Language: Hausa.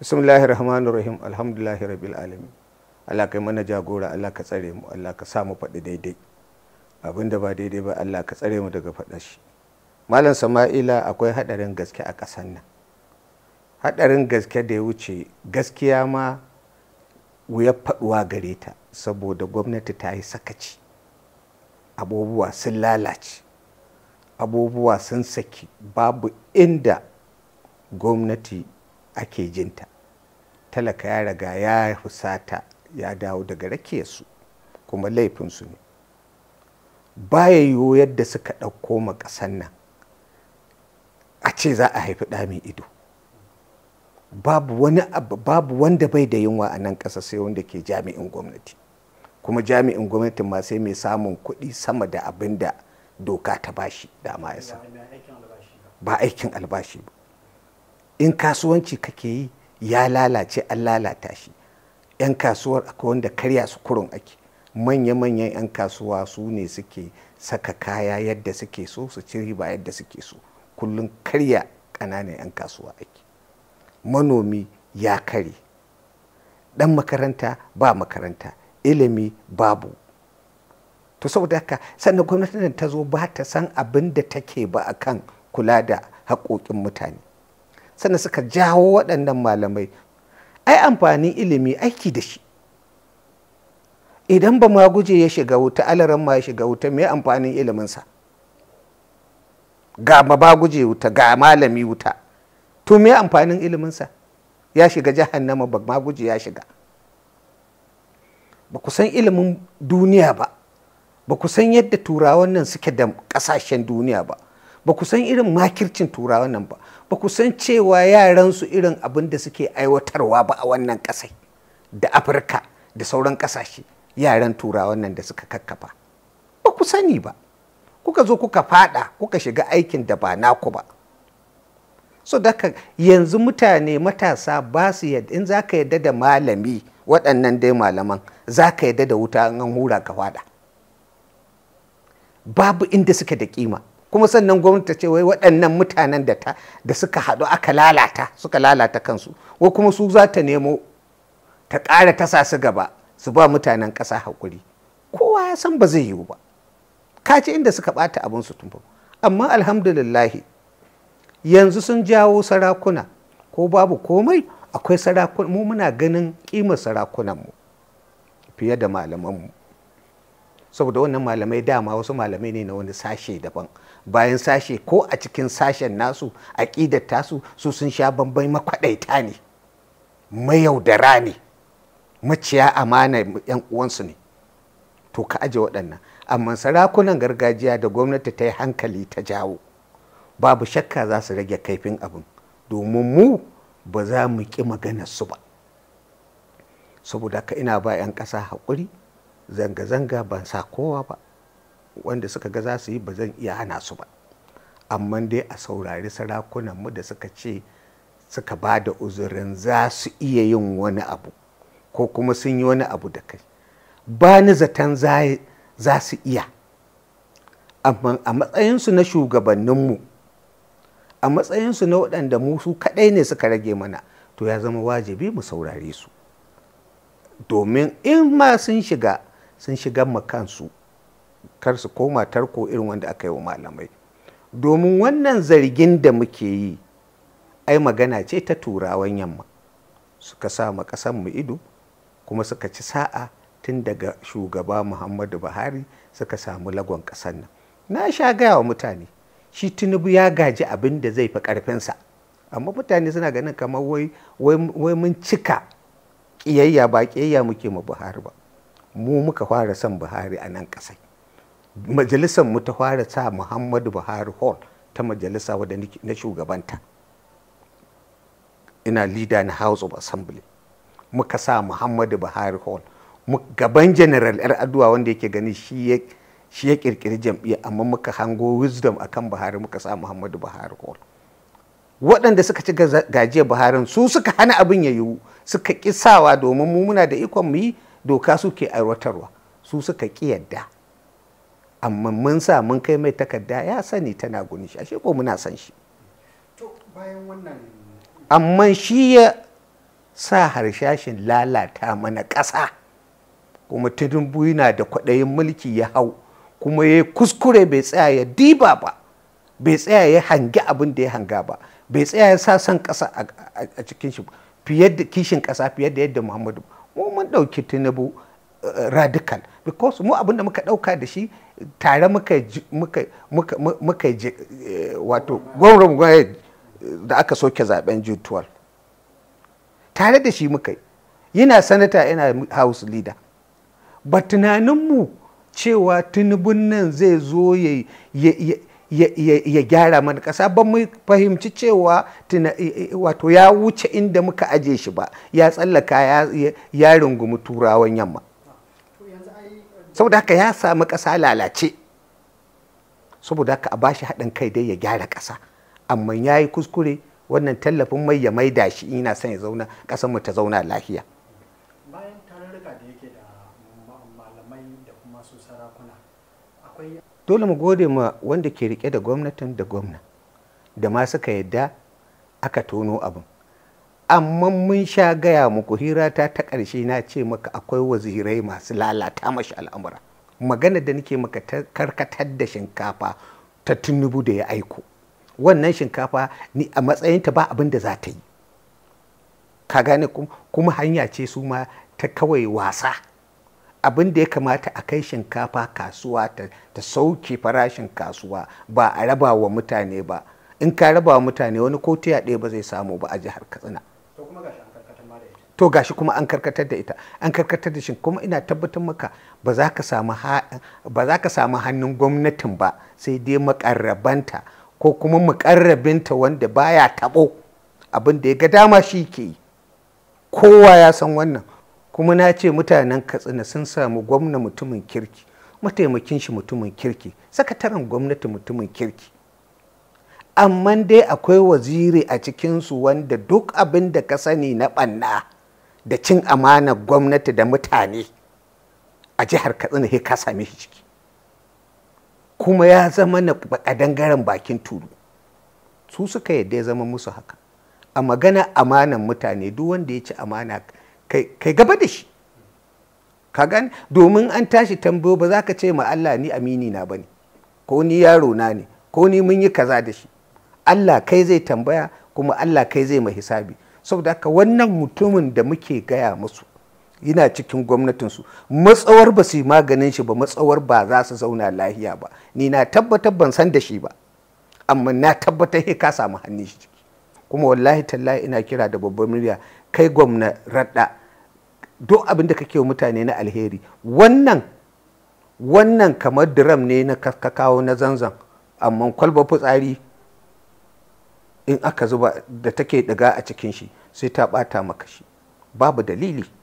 bismillahir rahmanir rahim alhamdulillahi rabbil alamin Allah kai mana jagora Allah ka tsare mu Allah ka sa mu faɗi daidai abinda ba daidai ba Allah ka tsare mu daga faɗa shi malam sama'ila akwai haɗarin gaske a ƙasar nan haɗarin gaske da ya wuce gaskiya ma wuya faɗuwa gare ta saboda gwamnati ta yi sakaci abubuwa sun lalace abubuwa sun saki babu inda gwamnati ake jinta talaka ya riga ya husata ya dawo daga su kuma laifinsu ne baya yiwu yadda suka ɗauko ma ƙasan nan a ce za a haifi ɗa mai ido babu wani babu wanda bai da yunwa a nan ƙasa sai wanda ke jami'in gwamnati kuma jami'in gwamnati ma sai mai samun kuɗi sama da abin da doka ta bashi dama ya sa ba aikin albashi ba in kasuwanci kake yi ya lalace an lalata shi 'yan kasuwar akwai wanda karya su kurun ake manya-manyan 'yan kasuwa su ne suke saka kaya yadda suke so su ci riba yadda suke so kullum karya ƙananan 'yan kasuwa ake manomi ya kare ɗan makaranta ba makaranta ilimi babu to saboda haka sannan gwamnatin ta zo ba ta san abin da take ba a kan kula da haƙoƙin mutane sannan suka jawo waɗannan malamai ai amfanin ilimi aiki da shi idan ba ma guje ya shiga wuta alaran ma ya shiga wuta mai amfanin iliminsa ga ma ba guje wuta ga malami wuta to mai amfanin iliminsa ya shiga jahannama ba ma guje ya shiga ba ku san ilimin duniya ba ba ku san yadda turawan nan suke da ƙasashen duniya ba ba ku san irin makircin turawa nan ba ba ku san cewa yaran su irin abin da suke aiwatarwa ba a wannan kasai da afirka da sauran ƙasashe yaran turawa nan da suka kakkafa ba ku sani ba kuka zo kuka fada kuka shiga aikin da ba naku ba so daga yanzu mutane matasa ba su yadda in za ka yadda da malami waɗannan dai malaman za ka yadda da wuta an hura ka fada babu inda suke da kima kuma sannan gwamnati ce wai waɗannan mutanen da ta da suka haɗu aka lalata suka lalata kansu ko kuma su za ta nemo ta ƙara tasa su gaba su ba mutanen ƙasa haƙuri kowa ya san ba zai yiwu ba ka ce inda suka ɓata abin su tumbo amma alhamdulillahi yanzu sun jawo sarakuna ko babu komai akwai sarakuna mu muna ganin ƙimar mu fiye da malaman mu. saboda wannan malamai dama wasu malamai ne na wani sashe daban bayan sashe ko a cikin sashen nasu aƙidar tasu su sun sha bambai makwaɗaita ne mayaudara ne maciya amana 'yan uwansu ne to ka aje waɗannan amma sarakunan gargajiya da gwamnati ta yi hankali ta jawo babu shakka za su rage kaifin abin domin mu ba za mu ƙi maganarsu ba saboda ka ina ba 'yan ƙasa haƙuri zanga-zanga ban sa kowa ba wanda suka ga za su yi ba zan iya hana su ba amma dai a saurari sarakunanmu da suka ce suka ba da uzurin za su iya yin wani abu ko kuma sun yi wani abu da kai ba ni zaton za su iya amma a matsayinsu na shugabanninmu a matsayinsu na waɗanda mu su kaɗai ne suka rage mana to ya zama wajibi mu saurare su domin in ma sun shiga sun shiga kansu kar su koma tarko irin wanda aka yi wa malamai domin wannan zargin da muke yi ai magana ce ta turawan yamma suka sa ma mu ido kuma suka ci sa'a tun daga shugaba muhammadu buhari suka samu lagon ƙasar nan na sha gaya wa mutane shi tinubu ya gaji abin da zai fi ƙarfinsa amma mutane suna ganin kamar wai mun cika ƙiyayya ba ƙiyayya muke ma buhari ba mu muka fara son buhari a nan kasai majalisar mu ta fara sa muhammadu buhari hall ta majalisa wadda na shugabanta ina leader na house of assembly muka sa muhammadu buhari hall gaban general yar aduwa wanda yake gani shi ya kirkiri jam'iyya amma muka hango wisdom akan buhari muka sa muhammadu buhari hall waɗanda suka ci gajiyar Buhari su suka hana abin ya yiwu suka ƙi sawa domin mu muna da ikon mu yi doka suke aiwatarwa su suka ƙi yadda amma mun sa mun kai mai takarda ya sani tana guni shi ashe ko muna san shi amma shi ya sa harshashin lalata mana ƙasa kuma tinubu yana da kwaɗayin mulki ya hau kuma ya kuskure bai tsaya ya diba ba bai tsaya ya hangi abin da ya hanga ba bai tsaya ya sa san ƙasa a cikin shi fiye da kishin ƙasa fiye da yadda muhammadu mu mun ɗauki tinubu eh, radical because mu abinda muka ɗauka da shi tare muka muka eh, wato gwamnan gwamnati da aka soke zaben G12 tare da shi muka yana sanata yana house leader ba mu cewa tinubun nan zai zo ya ya gyara mana ƙasa ba mu fahimci cewa wato ya wuce inda muka aje shi ba ya tsallaka ya rungumi turawan yamma saboda haka ya sami ƙasa lalace saboda haka a ba shi haɗin kai dai ya gyara ƙasa amma ya yi kuskure wannan tallafin mai ya maida shi ina son ya zauna ƙasar ta zauna lafiya bayan dole mu gode ma wanda ke rike da gwamnatin da gwamna da ma suka yadda aka tono abin amma mun sha gaya muku hira ta ta ƙarshe na ce maka akwai wazirai masu lalata mashi al'amura magana da nake maka karkatar da shinkafa ta tunubu da ya aiko wannan shinkafa ni a matsayinta ba abin da za ta yi ka gane kuma hanya ce su ma ta kawai wasa abin da ya kamata a kai shinkafa kasuwa ta sauke farashin kasuwa ba a raba wa mutane ba in ka raba wa mutane wani ko ya ɗaya ba zai samu ba a jihar katsina to gashi kuma an karkatar da ita an karkatar da shi kuma ina tabbatar maka ba za ka samu hannun gwamnatin ba sai dai makarrabanta ko kuma makarrabinta wanda baya taɓo Abinda da ya ga dama shi ke yi kowa ya san wannan kuma na ce mutanen katsina sun samu gwamna mutumin kirki mataimakin shi mutumin kirki sakataren gwamnati mutumin kirki amma dai akwai waziri a cikinsu wanda duk abin da ka sani na ɓanna da cin amana gwamnati da mutane a jihar katsina ya ka same shi ciki kuma ya zama na dangaren bakin tulu su suka yadda ya zama musu haka a magana amanan mutane duk wanda ya ci amana kai gaba da shi ka domin an tashi tambayo ba za ka ce ma Allah ni amini na bane ko ni yaro na ne ko ni mun yi kaza da shi Allah kai zai tambaya kuma Allah kai zai ma hisabi saboda haka wannan mutumin da muke gaya musu yana cikin gwamnatinsu matsawar ba su yi maganin shi ba matsawar ba za su zauna lahiya ba ni na tabbatar ban san da shi ba amma na tabbatar ka samu hannun shi kuma wallahi tallahi ina kira da babbar murya kai gwamna raɗa duk abin da kake mutane na alheri wannan wannan kamar diram ne na kawo na zanzan amma kwalba fitsari in aka zuba da take daga a cikin shi sai ta bata maka shi babu dalili